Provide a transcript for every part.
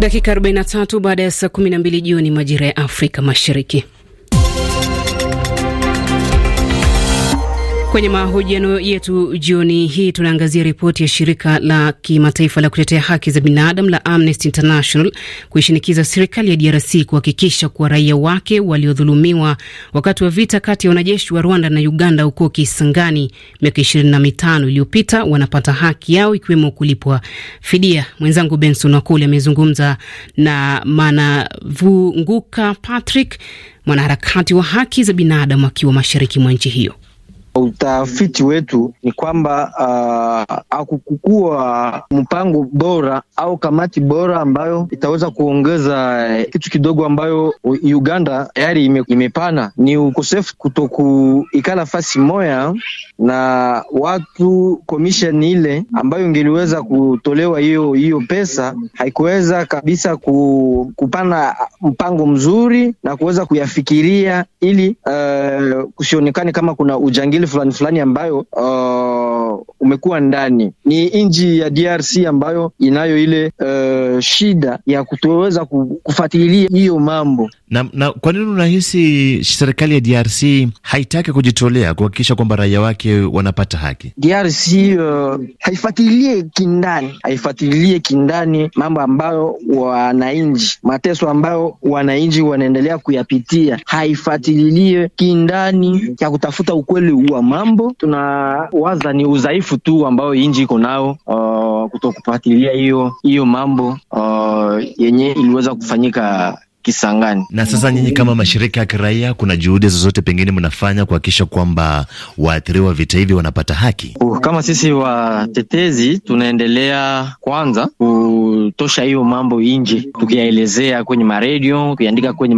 Dakika 43 baada ya saa 12 jioni majira ya Afrika Mashariki. Kwenye mahojiano yetu jioni hii tunaangazia ripoti ya shirika la kimataifa la kutetea haki za binadamu la Amnesty International kuishinikiza serikali ya DRC kuhakikisha kuwa raia wake waliodhulumiwa wakati wa vita kati ya wanajeshi wa Rwanda na Uganda huko Kisangani miaka ishirini na mitano iliyopita wanapata haki yao ikiwemo kulipwa fidia. Mwenzangu Benson Wakoli amezungumza na Manavunguka Patrick, mwanaharakati wa haki za binadamu akiwa mashariki mwa nchi hiyo utafiti wetu ni kwamba uh, akukukua mpango bora au kamati bora ambayo itaweza kuongeza kitu kidogo ambayo Uganda tayari ime, imepana. Ni ukosefu kutokuikaa nafasi moya na watu komishen ile ambayo ingeliweza kutolewa hiyo hiyo pesa haikuweza kabisa ku, kupana mpango mzuri na kuweza kuyafikiria ili uh, kusionekane kama kuna ujangili fulani fulani ambayo uh, umekuwa ndani. Ni nchi ya DRC ambayo inayo ile uh, shida ya kutoweza kufuatilia hiyo mambo. Na, na kwa nini unahisi serikali ya DRC haitaki kujitolea kuhakikisha kwamba raia wake wanapata haki? DRC uh, haifuatilie kindani, haifuatilie kindani mambo ambayo wananchi, mateso ambayo wananchi wanaendelea kuyapitia, haifuatilie kindani ya kutafuta ukweli wa mambo, tunawaza ni udhaifu tu ambayo inji iko nao uh, kutokufuatilia hiyo hiyo mambo uh, yenye iliweza kufanyika Kisangani. Na sasa nyinyi kama mashirika ya kiraia, kuna juhudi zozote pengine mnafanya kuhakikisha kwamba waathiriwa vita hivi wanapata haki? Uh, kama sisi watetezi tunaendelea kwanza kutosha hiyo mambo nje, tukiyaelezea kwenye maredio, kuiandika kwenye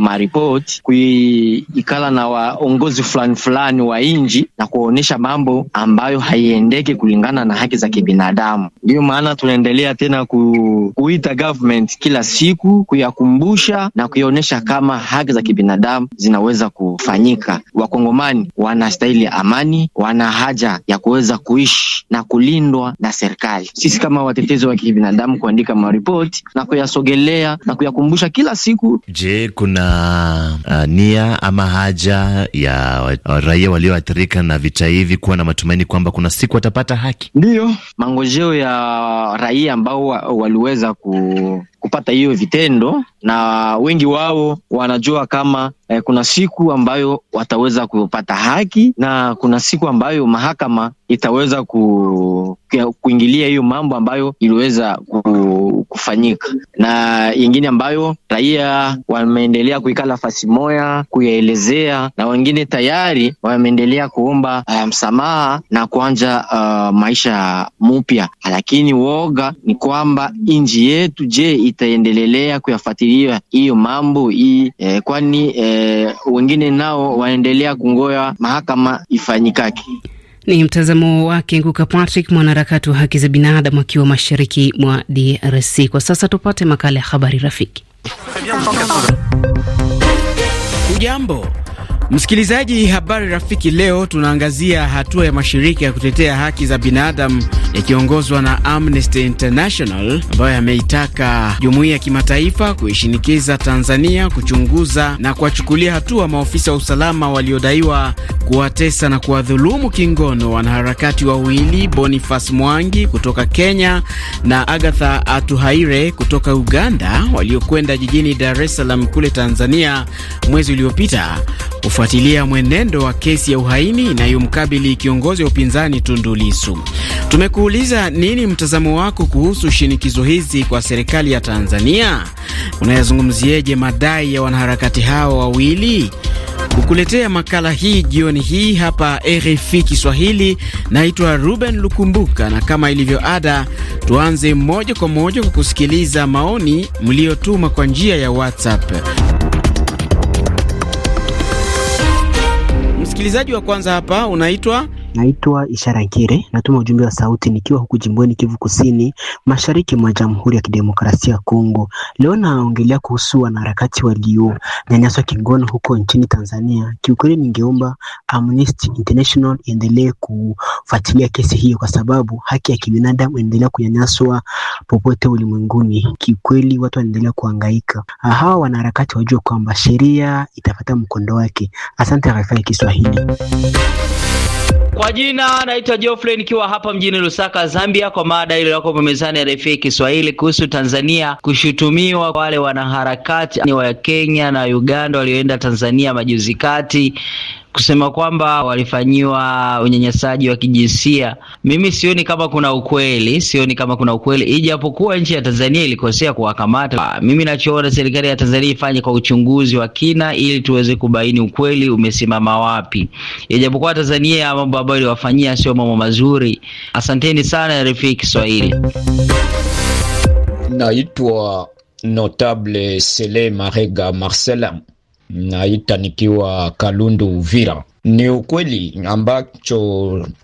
maripoti, kuikala na waongozi fulani fulani wa nji na kuonyesha mambo ambayo haiendeki kulingana na haki za kibinadamu. Ndiyo maana tunaendelea tena ku kuita government kila siku kuyakumbusha na kuyaonyesha kama haki za kibinadamu zinaweza kufanyika. Wakongomani wanastahili amani, wana haja ya kuweza kuishi na kulindwa na serikali. Sisi kama watetezi wa kibinadamu kuandika maripoti na kuyasogelea na kuyakumbusha kila siku. Je, kuna uh, nia ama haja ya raia walioathirika na vita hivi kuwa na matumaini kwamba kuna siku watapata haki? Ndiyo, mangojeo ya raia ambao waliweza kuweza ku kupata hiyo vitendo, na wengi wao wanajua kama eh, kuna siku ambayo wataweza kupata haki na kuna siku ambayo mahakama itaweza ku, kuingilia hiyo mambo ambayo iliweza ku, kufanyika, na yingine ambayo raia wameendelea kuikala fasi moya kuyaelezea, na wengine tayari wameendelea kuomba uh, msamaha na kuanja uh, eh, maisha mupya, lakini woga ni kwamba nchi yetu, je itaendelelea kuyafuatilia hiyo mambo hii e, kwani e, wengine nao wanaendelea kungoya mahakama ifanyikake. Ni mtazamo wake Nguka Patrick, mwanaharakati wa haki za binadamu akiwa mashariki mwa DRC. Kwa sasa tupate makala ya habari rafiki. Ujambo Msikilizaji, habari rafiki, leo tunaangazia hatua ya mashirika ya kutetea haki za binadamu yakiongozwa na Amnesty International ambayo yameitaka jumuiya ya kimataifa kuishinikiza Tanzania kuchunguza na kuwachukulia hatua maofisa wa usalama waliodaiwa kuwatesa na kuwadhulumu kingono wanaharakati wawili Boniface Mwangi kutoka Kenya na Agatha Atuhaire kutoka Uganda waliokwenda jijini Dar es Salaam kule Tanzania mwezi uliopita kufuatilia mwenendo wa kesi ya uhaini inayomkabili kiongozi wa upinzani Tundu Lissu. Tumekuuliza nini mtazamo wako kuhusu shinikizo hizi kwa serikali ya Tanzania? Unayazungumzieje madai ya wanaharakati hao wawili? Kukuletea makala hii jioni hii hapa RFI Kiswahili, naitwa Ruben Lukumbuka, na kama ilivyo ada, tuanze moja kwa moja kwa kusikiliza maoni mliyotuma kwa njia ya WhatsApp. Msikilizaji wa kwanza hapa unaitwa Naitwa Ishara Ngire, natuma ujumbe wa sauti nikiwa huku jimboni Kivu Kusini, mashariki mwa Jamhuri ya Kidemokrasia ya Kongo. Leo naongelea kuhusu wanaharakati walionyanyaswa kingono huko nchini Tanzania. Kiukweli, ningeomba Amnesty International iendelee kufuatilia kesi hiyo, kwa sababu haki ya kibinadamu inaendelea kunyanyaswa popote ulimwenguni. Kiukweli, watu wanaendelea kuhangaika. Hawa wanaharakati wajue kwamba sheria itafata mkondo wake. Asante RFI Kiswahili. Kwa jina naitwa Geoffrey nikiwa hapa mjini Lusaka, Zambia, kwa mada iliyoko pembezani ya RFI Kiswahili kuhusu Tanzania kushutumiwa wale wanaharakati wa Kenya na Uganda walioenda Tanzania majuzi kati kusema kwamba walifanyiwa unyanyasaji wa kijinsia, mimi sioni kama kuna ukweli, sioni kama kuna ukweli, ijapokuwa nchi ya Tanzania ilikosea kuwakamata. Mimi nachoona serikali ya Tanzania ifanye kwa uchunguzi wa kina, ili tuweze kubaini ukweli umesimama wapi, ijapokuwa Tanzania mambo ambayo iliwafanyia sio mambo mazuri. Asanteni sana RFI Kiswahili. Naitwa Notable Sele Marega Marcela naita nikiwa Kalundu Uvira. Ni ukweli ambacho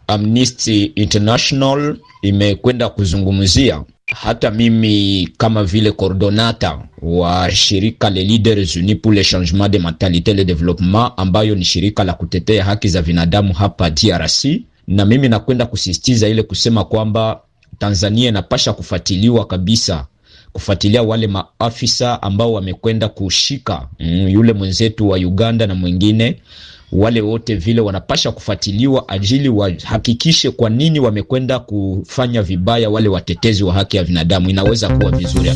Amnesty International imekwenda kuzungumzia. Hata mimi kama vile coordonata wa shirika Les Leaders Unis pour le Changement de Mentalité le Développement, ambayo ni shirika la kutetea haki za binadamu hapa DRC, na mimi nakwenda kusisitiza ile kusema kwamba Tanzania inapasha kufuatiliwa kabisa kufuatilia wale maafisa ambao wamekwenda kushika mm, yule mwenzetu wa Uganda na mwingine wale wote vile wanapasha kufuatiliwa ajili wahakikishe kwa nini wamekwenda kufanya vibaya wale watetezi wa haki ya binadamu. Inaweza kuwa vizuri.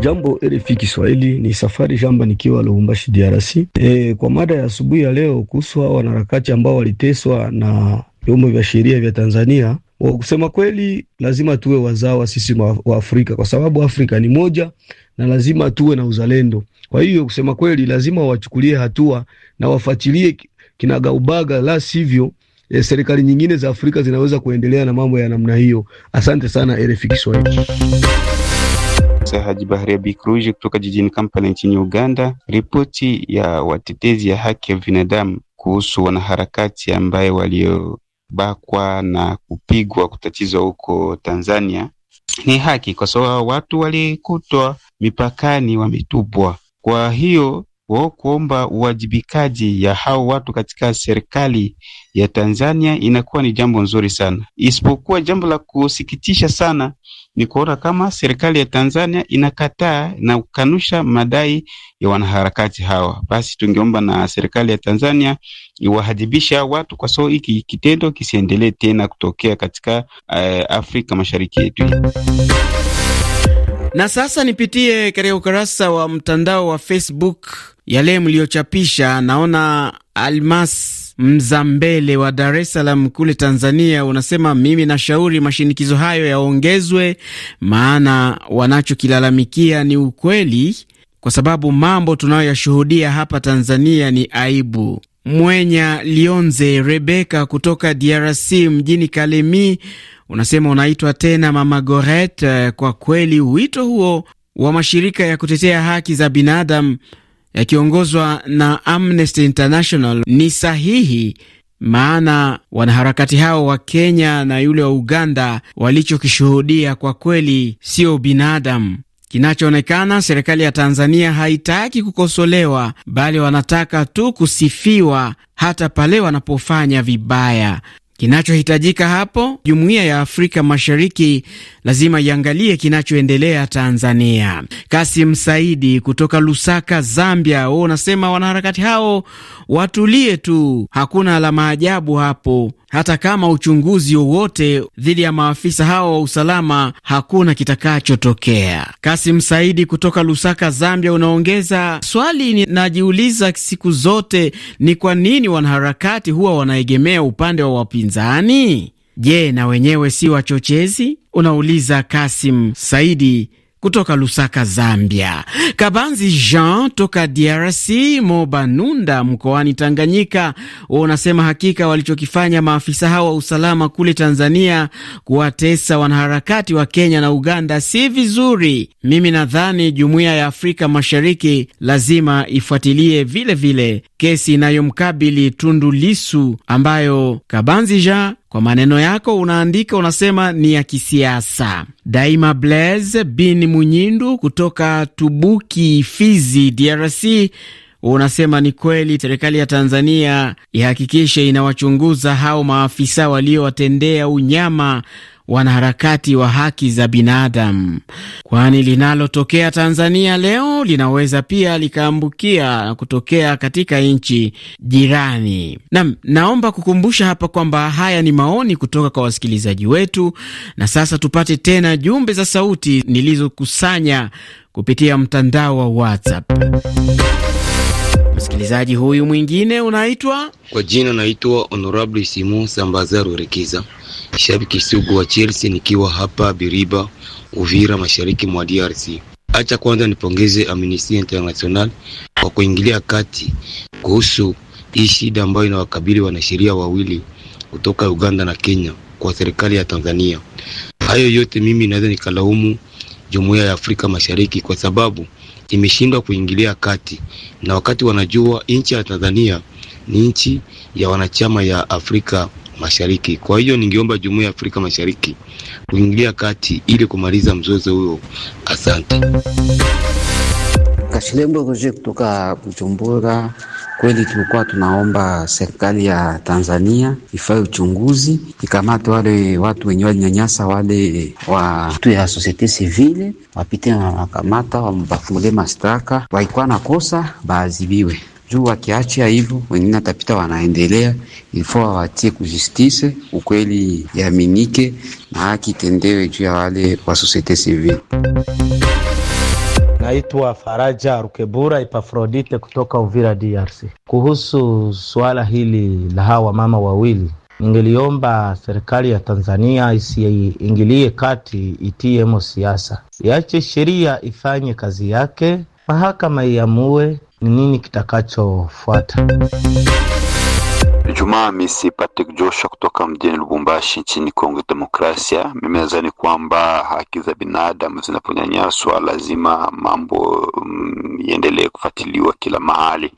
Jambo RFI Kiswahili, ni safari shamba nikiwa Lubumbashi DRC. E, kwa mada ya asubuhi ya leo kuhusu hao wanaharakati ambao waliteswa na vyombo vya sheria vya Tanzania Kusema kweli, lazima tuwe wazawa sisi wa Afrika kwa sababu Afrika ni moja na lazima tuwe na uzalendo. Kwa hiyo kusema kweli, lazima wachukulie hatua na wafuatilie kinagaubaga, la sivyo eh, serikali nyingine za Afrika zinaweza kuendelea na mambo ya namna hiyo. Asante sana RFI Kiswahili. Haji Bahari ya kutoka jijini Kampala nchini Uganda. Ripoti ya watetezi ya haki ya binadamu kuhusu wanaharakati ambaye walio kubakwa na kupigwa kutatizwa huko Tanzania ni haki, kwa sababu watu walikutwa mipakani wametupwa. Kwa hiyo wao kuomba uwajibikaji ya hao watu katika serikali ya Tanzania inakuwa ni jambo nzuri sana, isipokuwa jambo la kusikitisha sana ni kuona kama serikali ya Tanzania inakataa na kukanusha madai ya wanaharakati hawa. Basi tungeomba na serikali ya Tanzania iwahajibishe watu, kwa sababu hiki kitendo kisiendelee tena kutokea katika uh, Afrika Mashariki yetu. Na sasa nipitie katika ukurasa wa mtandao wa Facebook yale mliochapisha. Naona Almas Mzambele wa Dar es Salaam kule Tanzania unasema, mimi nashauri mashinikizo hayo yaongezwe, maana wanachokilalamikia ni ukweli, kwa sababu mambo tunayoyashuhudia hapa Tanzania ni aibu. Mwenya Lionze Rebeka kutoka DRC mjini Kalemi unasema unaitwa tena Mama Goret. Eh, kwa kweli wito huo wa mashirika ya kutetea haki za binadamu yakiongozwa na Amnesty International ni sahihi, maana wanaharakati hao wa Kenya na yule wa Uganda walichokishuhudia kwa kweli sio binadamu. Kinachoonekana serikali ya Tanzania haitaki kukosolewa, bali wanataka tu kusifiwa hata pale wanapofanya vibaya. Kinachohitajika hapo, jumuiya ya Afrika Mashariki lazima iangalie kinachoendelea Tanzania. Kasim Saidi kutoka Lusaka, Zambia, wao unasema wanaharakati hao watulie tu, hakuna la maajabu hapo, hata kama uchunguzi wowote dhidi ya maafisa hao wa usalama hakuna kitakachotokea. Kasim Saidi kutoka Lusaka, Zambia, unaongeza swali ninajiuliza siku zote ni kwa nini wanaharakati huwa wanaegemea upande wa wapinzani? Je, na wenyewe si wachochezi? Unauliza Kasim Saidi kutoka Lusaka, Zambia, Kabanzi Jean toka DRC, Mobanunda mkoani Tanganyika wanasema hakika walichokifanya maafisa hao wa usalama kule Tanzania kuwatesa wanaharakati wa Kenya na Uganda si vizuri. Mimi nadhani jumuiya ya Afrika Mashariki lazima ifuatilie vilevile vile kesi inayomkabili Tundu Lisu ambayo Kabanzi Jean kwa maneno yako unaandika, unasema ni ya kisiasa. Daima Blaise bin Munyindu kutoka Tubuki, Fizi, DRC unasema ni kweli, serikali ya Tanzania ihakikishe inawachunguza hao maafisa waliowatendea unyama wanaharakati wa haki za binadamu, kwani linalotokea Tanzania leo linaweza pia likaambukia na kutokea katika nchi jirani. Nam, naomba kukumbusha hapa kwamba haya ni maoni kutoka kwa wasikilizaji wetu, na sasa tupate tena jumbe za sauti nilizokusanya kupitia mtandao wa WhatsApp. Msikilizaji huyu mwingine unaitwa kwa jina, naitwa Honorable Simu Sambazaru Rekiza, shabiki sugu wa Chelsea, nikiwa hapa Biriba, Uvira, mashariki mwa DRC. Acha kwanza nipongeze Amnesty International kwa kuingilia kati kuhusu hii shida ambayo inawakabili wanasheria wawili kutoka Uganda na Kenya kwa serikali ya Tanzania. Hayo yote mimi naweza nikalaumu jumuiya ya Afrika Mashariki kwa sababu imeshindwa kuingilia kati, na wakati wanajua nchi ya Tanzania ni nchi ya wanachama ya Afrika Mashariki. Kwa hiyo ningeomba Jumuiya ya Afrika Mashariki kuingilia kati ili kumaliza mzozo huo. Asante. Kashilembo Roje kutoka Bujumbura. Kweli tulikuwa tunaomba serikali ya Tanzania ifanye uchunguzi, ikamate wale watu wenye walinyanyasa wale wa tu ya societe civile, wapite na wakamata, wabafungulie mashtaka, waikuwa na kosa baadhibiwe juu wakiachia hivyo, wengine atapita wanaendelea. Ilifo wawatie kujustice, ukweli yaminike na haki itendewe juu ya wale wa societe civile. Naitwa Faraja Rukebura Epafrodite kutoka Uvira, DRC. Kuhusu suala hili la hawa mama wawili, ningeliomba serikali ya Tanzania isiingilie kati, itiemo siasa, iache sheria ifanye kazi yake, mahakama iamue ni nini kitakachofuata. Ijumaa Hamisi Patrick Joshua kutoka mjini Lubumbashi nchini Kongo Demokrasia. Mimi nadhani kwamba haki za binadamu zinaponyanyaswa lazima mambo mm, iendelee kufuatiliwa kila mahali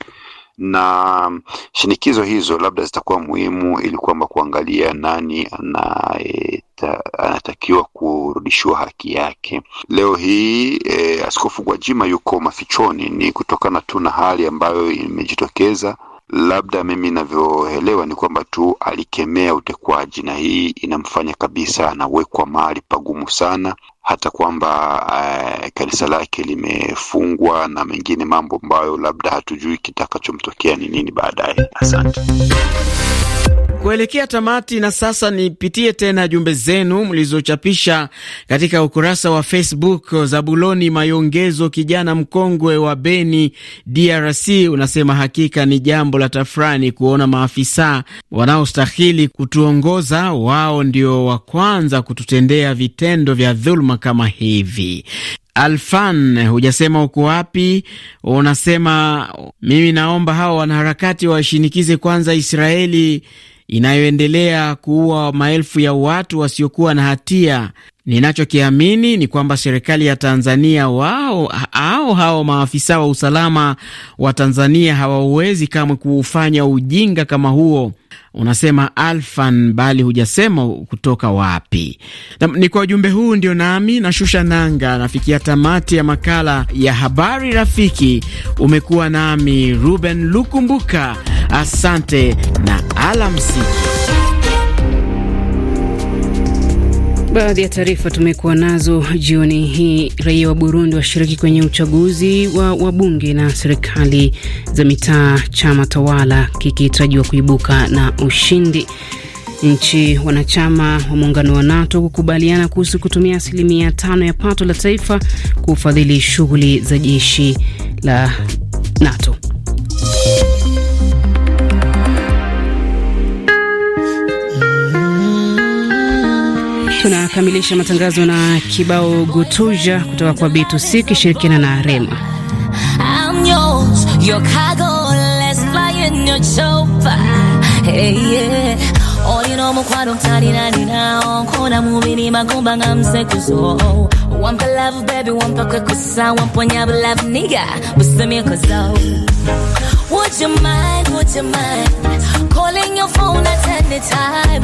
na shinikizo hizo labda zitakuwa muhimu ili kwamba kuangalia nani ana, e, ta, anatakiwa kurudishiwa haki yake. Leo hii e, Askofu Gwajima yuko mafichoni, ni kutokana tu na hali ambayo imejitokeza Labda mimi navyoelewa ni kwamba tu alikemea utekwaji, na hii inamfanya kabisa anawekwa mahali pagumu sana, hata kwamba uh, kanisa lake limefungwa na mengine mambo ambayo labda hatujui kitakachomtokea ni nini baadaye. Asante. Kuelekea tamati na sasa nipitie tena jumbe zenu mlizochapisha katika ukurasa wa Facebook. Zabuloni Mayongezo, kijana mkongwe wa Beni, DRC, unasema hakika ni jambo la tafrani kuona maafisa wanaostahili kutuongoza wao ndio wa kwanza kututendea vitendo vya dhuluma kama hivi. Alfan, hujasema uko wapi. Unasema mimi naomba hao wanaharakati washinikize kwanza Israeli inayoendelea kuua maelfu ya watu wasiokuwa na hatia Ninachokiamini ni kwamba serikali ya Tanzania wao au hao maafisa wa usalama wa Tanzania hawawezi kamwe kuufanya ujinga kama huo. Unasema Alfan, bali hujasema kutoka wapi. Na, ni kwa ujumbe huu ndio nami nashusha nanga, nafikia tamati ya makala ya habari rafiki. Umekuwa nami Ruben Lukumbuka, asante na alamsiki. Baadhi ya taarifa tumekuwa nazo jioni hii. Raia wa Burundi washiriki kwenye uchaguzi wa wabunge na serikali za mitaa, chama tawala kikitarajiwa kuibuka na ushindi. Nchi wanachama wa muungano wa NATO kukubaliana kuhusu kutumia asilimia tano ya pato la taifa kufadhili shughuli za jeshi la NATO. tunakamilisha matangazo na kibao gutuja kutoka kwa B2C kishirikiana na Rema. olina omukwano ogutalinaninao nkona mubiri magumbanga msekuzo wampa love baby wampa kwekusa wamponya bulove niga busemyekozo Would you mind, would you mind Calling your phone at any time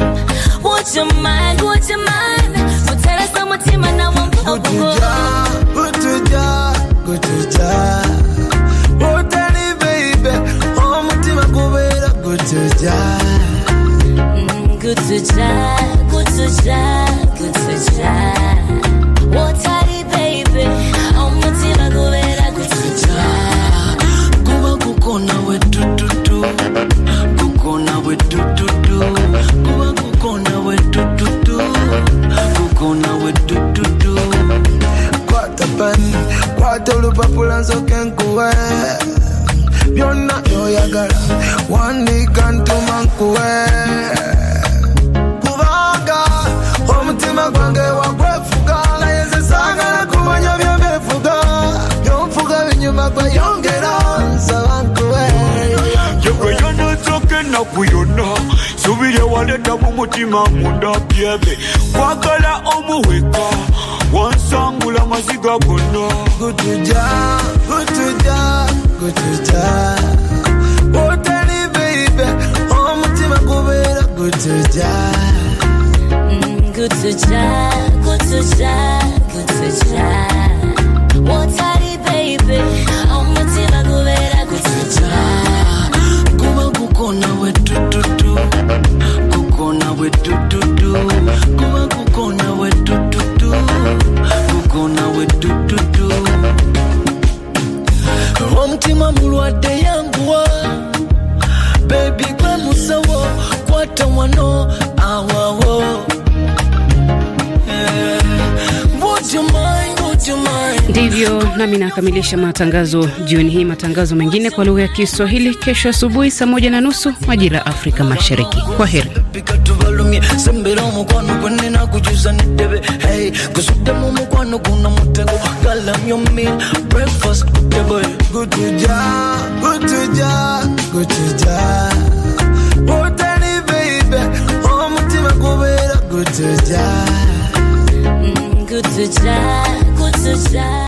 Would you mind, would you mind Muteresa mutima na wampa kukuja Kutuja, kutuja Utani baby Oh mutima kubera kutuja good to die, good baby? Omutima gubera good Guba kukona we do do do. Kukona we do do do. Guba kukona we do do do. Kukona we do do do. Kwata pani, kwata olupapula nsoke nkuwe. byonna byoyagala wandiika ntuma nkuwe ennaku yonna subira waleeta munda byebe kwagala omuweka wansangula maziga gonna gutuja gutuja gutuja otali beibe omutima gubeera gutuja gutuja mm, gutuja gutuja we do do do kuwa kuko na we do do do kuko na we do do do omutima mulwadde yanguwa bebi gwe musawo kwata wano awawo Ndivyo nami nakamilisha matangazo jioni hii. Matangazo mengine kwa lugha ya Kiswahili kesho asubuhi saa moja na nusu majira ya Afrika Mashariki. Kwa heri. so shy.